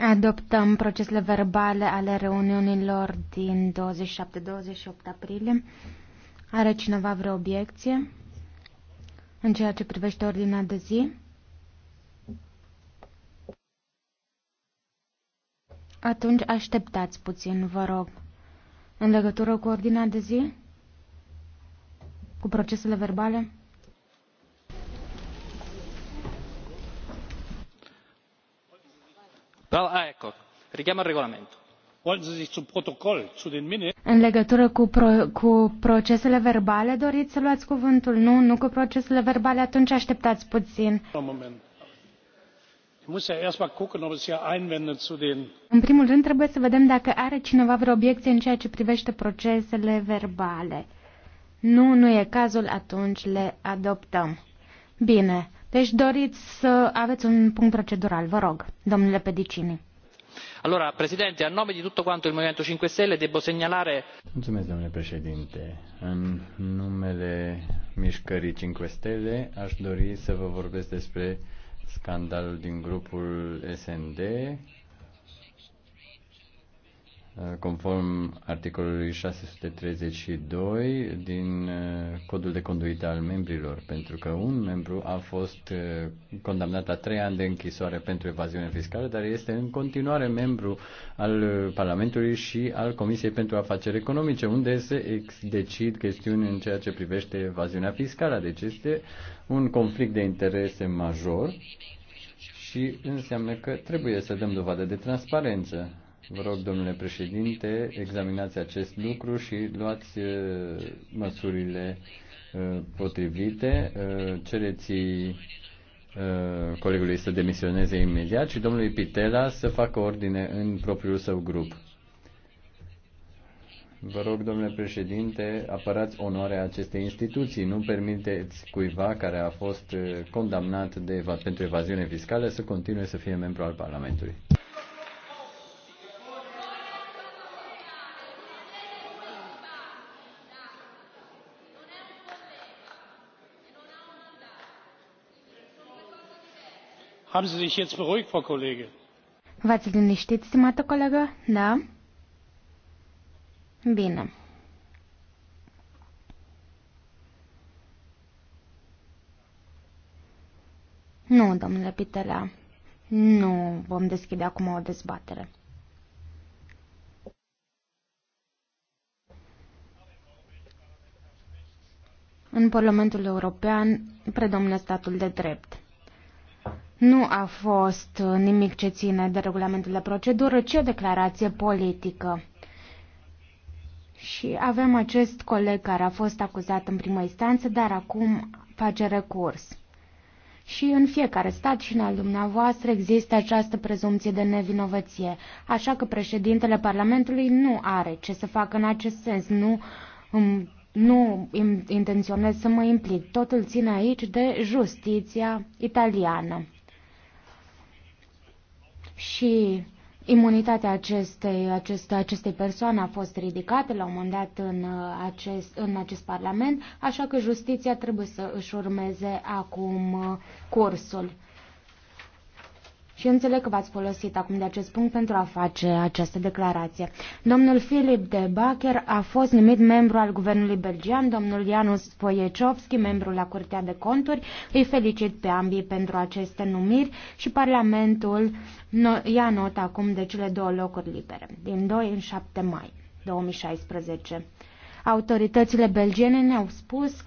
Adoptăm procesele verbale ale reuniunilor din 27-28 aprilie. Are cineva vreo obiecție în ceea ce privește ordinea de zi? Atunci așteptați puțin, vă rog. În legătură cu ordinea de zi? Cu procesele verbale? în legătură cu, cu procesele verbale doriți să luați cuvântul? Nu, nu cu procesele verbale, atunci așteptați puțin. În primul rând trebuie să vedem dacă are cineva vreo obiecție în ceea ce privește procesele verbale. Nu, nu e cazul, atunci le adoptăm. Bine, deci doriți să aveți un punct procedural, vă rog, domnule Pedicini allora presidente a nome di tutto quanto il movimento cinque stelle devo segnalare. mulțumesc domnule președinte în numele mișcării cinque stele aș dori să vă vorbesc despre scandalul din grupul sd Uh, conform articolului 632 din uh, codul de conduită al membrilor, pentru că un membru a fost uh, condamnat la trei ani de închisoare pentru evaziune fiscală, dar este în continuare membru al Parlamentului și al Comisiei pentru Afaceri Economice, unde se decid chestiuni în ceea ce privește evaziunea fiscală. Deci este un conflict de interese major și înseamnă că trebuie să dăm dovadă de transparență Vă rog, domnule președinte, examinați acest lucru și luați uh, măsurile uh, potrivite. Uh, cereți colegului să demisioneze imediat și domnului Pitela să facă ordine în propriul său grup. Vă rog, domnule președinte, apărați onoarea acestei instituții. Nu permiteți cuiva care a fost condamnat de, pentru evaziune fiscală să continue să fie membru al Parlamentului. haben sie sich jetzt beruhigt frau kollegin? v ați liniștit stimată colegă? da? bine. Nu, domnule Pitelea, nu vom deschide acum o dezbatere. În Parlamentul European predomine statul de drept nu a fost uh, nimic ce ține de regulamentul de procedură, ci o declarație politică. Și avem acest coleg care a fost acuzat în primă instanță, dar acum face recurs. Și în fiecare stat și în al dumneavoastră există această prezumție de nevinovăție, așa că președintele Parlamentului nu are ce să facă în acest sens, nu nu intenționez să mă implic. Totul ține aici de justiția italiană și imunitatea acestei, aceste, acestei persoane a fost ridicată la un moment dat în uh, acest, în acest parlament, așa că justiția trebuie să își urmeze acum uh, cursul. Și înțeleg că v-ați folosit acum de acest punct pentru a face această declarație. Domnul Filip de Bacher a fost numit membru al guvernului belgian, domnul Janus Voiechovski, membru la Curtea de Conturi. Îi felicit pe ambii pentru aceste numiri și Parlamentul ia not acum de cele două locuri libere, din 2 în 7 mai 2016. Autoritățile belgiene ne-au spus că